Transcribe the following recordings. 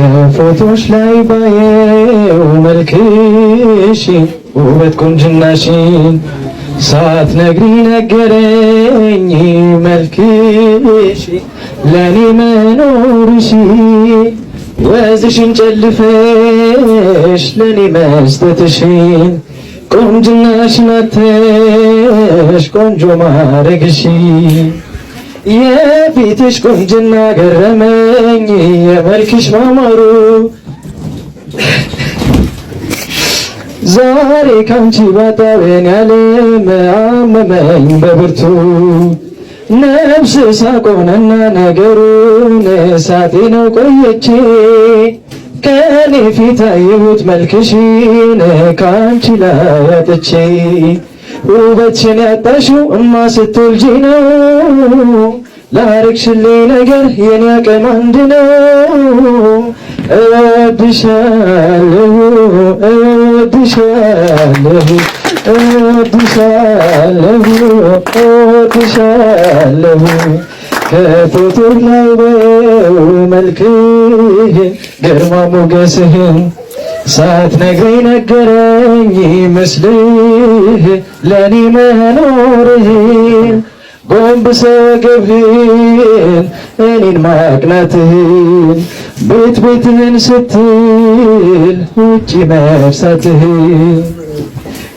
ከፎቶች ላይ ባየው መልክሽን ውበት ቁንጅናሽን ሳትነግሪ ነገረኝ መልክሽ ለኔ መኖርሽ ወዝሽን ጨልፈሽ ለኔ መስጠትሽን ቆንጅናሽን አተሽ ቆንጆ ማረግሽ የፊትሽ ቆንጅና ገረመኝ፣ የመልክሽ ማማሩ ዛሬ ካንቺ ባጣቤን ያለም አመመኝ በብርቱ ነብስ ሳቆነና ነገሩን ሳቴ ነው ቆየች ከኔ ፊት አየሁት መልክሽን ካንቺ ላይ አጥቼ ውበትሽን ያጣሽው እማ ስትወልጂ ነው። ላረግሽልኝ ነገር የኔ አቅም አንድ ነው። እወድሻለሁ እወድሻለሁ እወድሻለሁ እወድሻለሁ ከፍጡር ላይ በው መልክህ ግርማ ሞገስህን ሳትነግረኝ ነገረኝ ምስልህ ለእኔ መኖርህን ጎንብሰ ወገብህን እኔን ማቅናትህን ቤት ቤትህን ስትል ውጪ መርሳትህን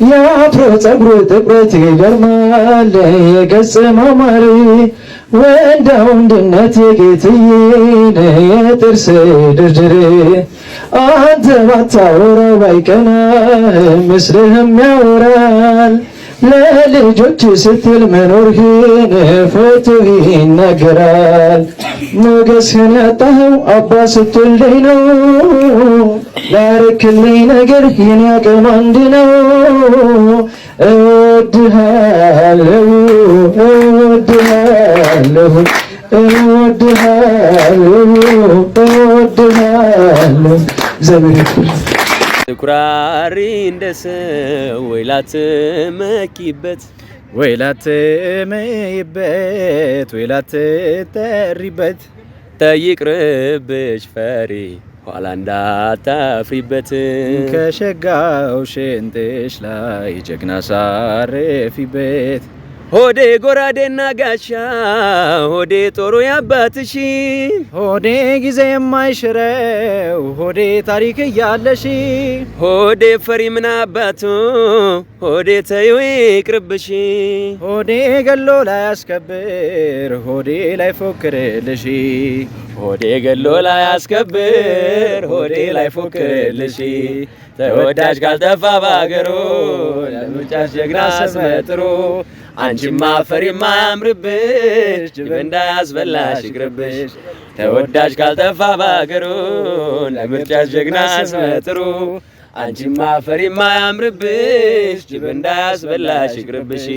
የአፍሮ ፀጉር ጥቁረት ይገርማል የገጽ ማማሪ ወንዳ ወንድነት የጌትዬ የጥርስ ድርድሬ አንተ ባታወራው ባይቀና ምስልህም ያወራል ለልጆች ስትል መኖርህን ፎቶ ይናገራል። ሞገስህን ያጣኸው አባ ስትወልደኝ ነው። ላረክልኝ ነገር የኔ አቅም አንድ ነው። እወድሃለሁ፣ እወድሃለሁ፣ እወድሃለሁ፣ እወድሃለሁ ዘመድ ትኩራሪ እንደ ሰው ወይ ላትመኪበት ወይ ላትምይበት ወይ ላትጠሪበት ተይቅርብሽ ፈሪ ኋላ እንዳታፍሪበት ከሸጋው ሽንጥሽ ላይ ጀግና ሳረፊበት ሆዴ ጎራዴና ጋሻ ሆዴ ጦሩ ያባትሽ ሆዴ ጊዜ የማይሽረው ሆዴ ታሪክ እያለሽ ሆዴ ፈሪ ምን አባቱ ሆዴ ተይው ይቅርብሽ ሆዴ ገሎ ላይ አስከብር ሆዴ ላይ ፎክርልሽ ሆዴ ገሎ ላይ አስከብር ሆዴ ላይ ፎክርልሽ ተወዳጅ ካልጠፋ በአገሩ ለምርጫሽ ጀግና አስመጥሮ አንቺማ አፈር የማያምርብሽ ጅብ እንዳያስበላሽ ይቅርብሽ። ተወዳጅ ካልጠፋ ባገሩ ለምርጫሽ ጀግና ስመጥሩ አንቺማ አፈር የማያምርብሽ ጅብ እንዳያስበላሽ ይቅርብሽ።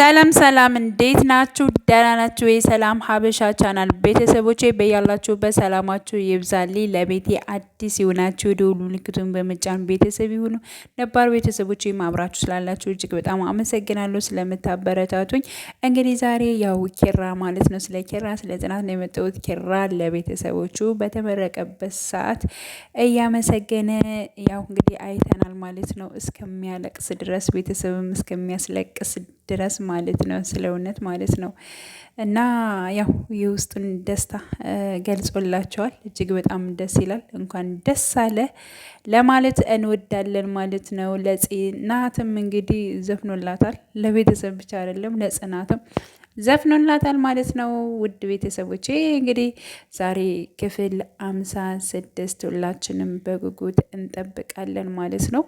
ሰላም ሰላም፣ እንዴት ናችሁ? ደህና ናችሁ? የሰላም ሀበሻ ቻናል ቤተሰቦቼ በያላችሁበት ሰላማችሁ ይብዛልኝ። ለቤቴ አዲስ የሆናችሁ ደውሉ ምልክቱን በመጫን ቤተሰብ ይሁኑ። ነባር ቤተሰቦቼ ማብራችሁ ስላላችሁ እጅግ በጣም አመሰግናለሁ ስለምታበረታቱኝ። እንግዲህ ዛሬ ያው ኬራ ማለት ነው ስለ ኬራ ስለ ጽናት ነው የመጣሁት። ኬራ ለቤተሰቦቹ በተመረቀበት ሰዓት እያመሰገነ ያው እንግዲህ አይተናል ማለት ነው እስከሚያለቅስ ድረስ ቤተሰብም እስከሚያስለቅስ ድረስ ማለት ነው ስለ እውነት ማለት ነው። እና ያው የውስጡን ደስታ ገልጾላቸዋል። እጅግ በጣም ደስ ይላል። እንኳን ደስ አለ ለማለት እንወዳለን ማለት ነው። ለጽናትም እንግዲህ ዘፍኖላታል። ለቤተሰብ ብቻ አይደለም ለጽናትም ዘፍኖላታል ማለት ነው። ውድ ቤተሰቦቼ እንግዲህ ዛሬ ክፍል አምሳ ስድስት ሁላችንም በጉጉት እንጠብቃለን ማለት ነው።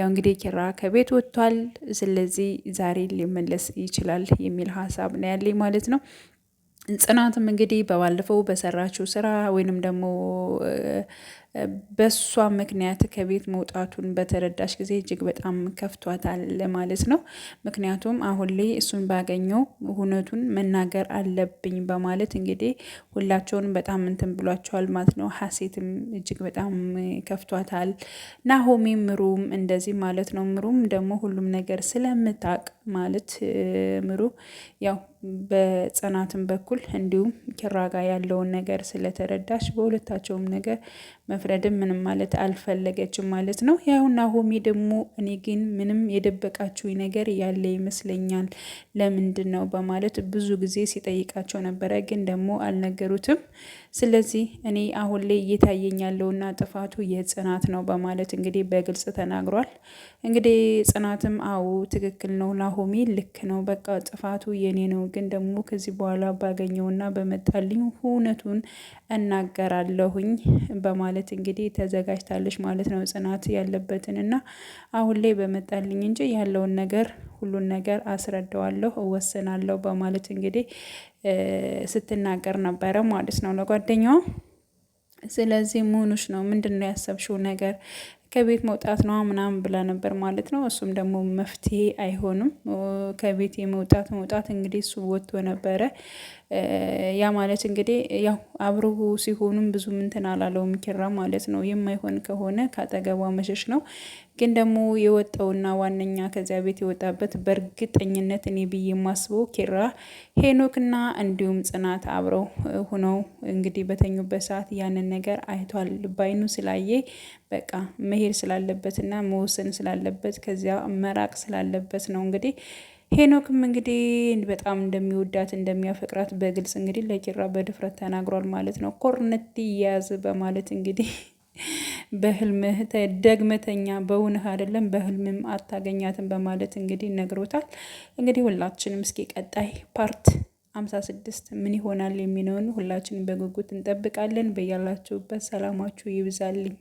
ያው እንግዲህ ኪራ ከቤት ወጥቷል። ስለዚህ ዛሬ ሊመለስ ይችላል የሚል ሀሳብ ነው ያለኝ ማለት ነው። ጽናትም እንግዲህ በባለፈው በሰራችው ስራ ወይንም ደግሞ በሷ ምክንያት ከቤት መውጣቱን በተረዳሽ ጊዜ እጅግ በጣም ከፍቷታል ማለት ነው። ምክንያቱም አሁን ላይ እሱን ባገኘው እውነቱን መናገር አለብኝ በማለት እንግዲህ ሁላቸውን በጣም እንትን ብሏቸዋል ማለት ነው። ሀሴትም እጅግ በጣም ከፍቷታል። ናሆሜ ምሩም እንደዚህ ማለት ነው። ምሩም ደግሞ ሁሉም ነገር ስለምታቅ ማለት ምሩ ያው በጽናትም በኩል እንዲሁም ኪራ ጋር ያለውን ነገር ስለተረዳሽ በሁለታቸውም ነገር መፍረድም ምንም ማለት አልፈለገችም ማለት ነው። ያው ናሆሜ ደግሞ እኔ ግን ምንም የደበቃችሁ ነገር ያለ ይመስለኛል ለምንድን ነው በማለት ብዙ ጊዜ ሲጠይቃቸው ነበረ። ግን ደግሞ አልነገሩትም። ስለዚህ እኔ አሁን ላይ እየታየኝ ያለውና ጥፋቱ የጽናት ነው በማለት እንግዲህ በግልጽ ተናግሯል። እንግዲህ ጽናትም አዎ ትክክል ነው ናሆሜ፣ ልክ ነው፣ በቃ ጥፋቱ የኔ ነው። ግን ደግሞ ከዚህ በኋላ ባገኘውና በመጣልኝ እውነቱን እናገራለሁኝ በማለት እንግዲህ ተዘጋጅታለች ማለት ነው ጽናት ያለበትንና አሁን ላይ በመጣልኝ እንጂ ያለውን ነገር ሁሉን ነገር አስረዳዋለሁ፣ እወስናለሁ በማለት እንግዲህ ስትናገር ነበረ ማለት ነው ለጓደኛዋ። ስለዚህ መሆኑሽ ነው ምንድን ነው ያሰብሽው ነገር ከቤት መውጣት ነዋ ምናምን ብላ ነበር ማለት ነው። እሱም ደግሞ መፍትሄ አይሆንም ከቤት የመውጣት መውጣት እንግዲህ እሱ ወጥቶ ነበረ ያ ማለት እንግዲህ ያው አብሮ ሲሆኑም ብዙ ምንትን አላለውም ኪራ ማለት ነው። የማይሆን ከሆነ ከአጠገቧ መሸሽ ነው። ግን ደግሞ የወጣውና ዋነኛ ከዚያ ቤት የወጣበት በእርግጠኝነት እኔ ብዬ የማስበው ኪራ ሄኖክና እንዲሁም ጽናት አብረው ሆነው እንግዲህ በተኙበት ሰዓት ያንን ነገር አይቷል። ባይኑ ስላየ በቃ መሄድ ስላለበትና መወሰን ስላለበት ከዚያ መራቅ ስላለበት ነው እንግዲህ ሄኖክም እንግዲህ በጣም እንደሚወዳት እንደሚያፈቅራት በግልጽ እንግዲህ ለኪራ በድፍረት ተናግሯል ማለት ነው። ኮርነት ያዝ በማለት እንግዲህ በህልምህ ደግመተኛ በውንህ አይደለም በህልምም አታገኛትም በማለት እንግዲህ ነግሮታል። እንግዲህ ሁላችንም እስኪ ቀጣይ ፓርት አምሳ ስድስት ምን ይሆናል የሚለውን ሁላችንም በጉጉት እንጠብቃለን። በያላችሁበት ሰላማችሁ ይብዛልኝ።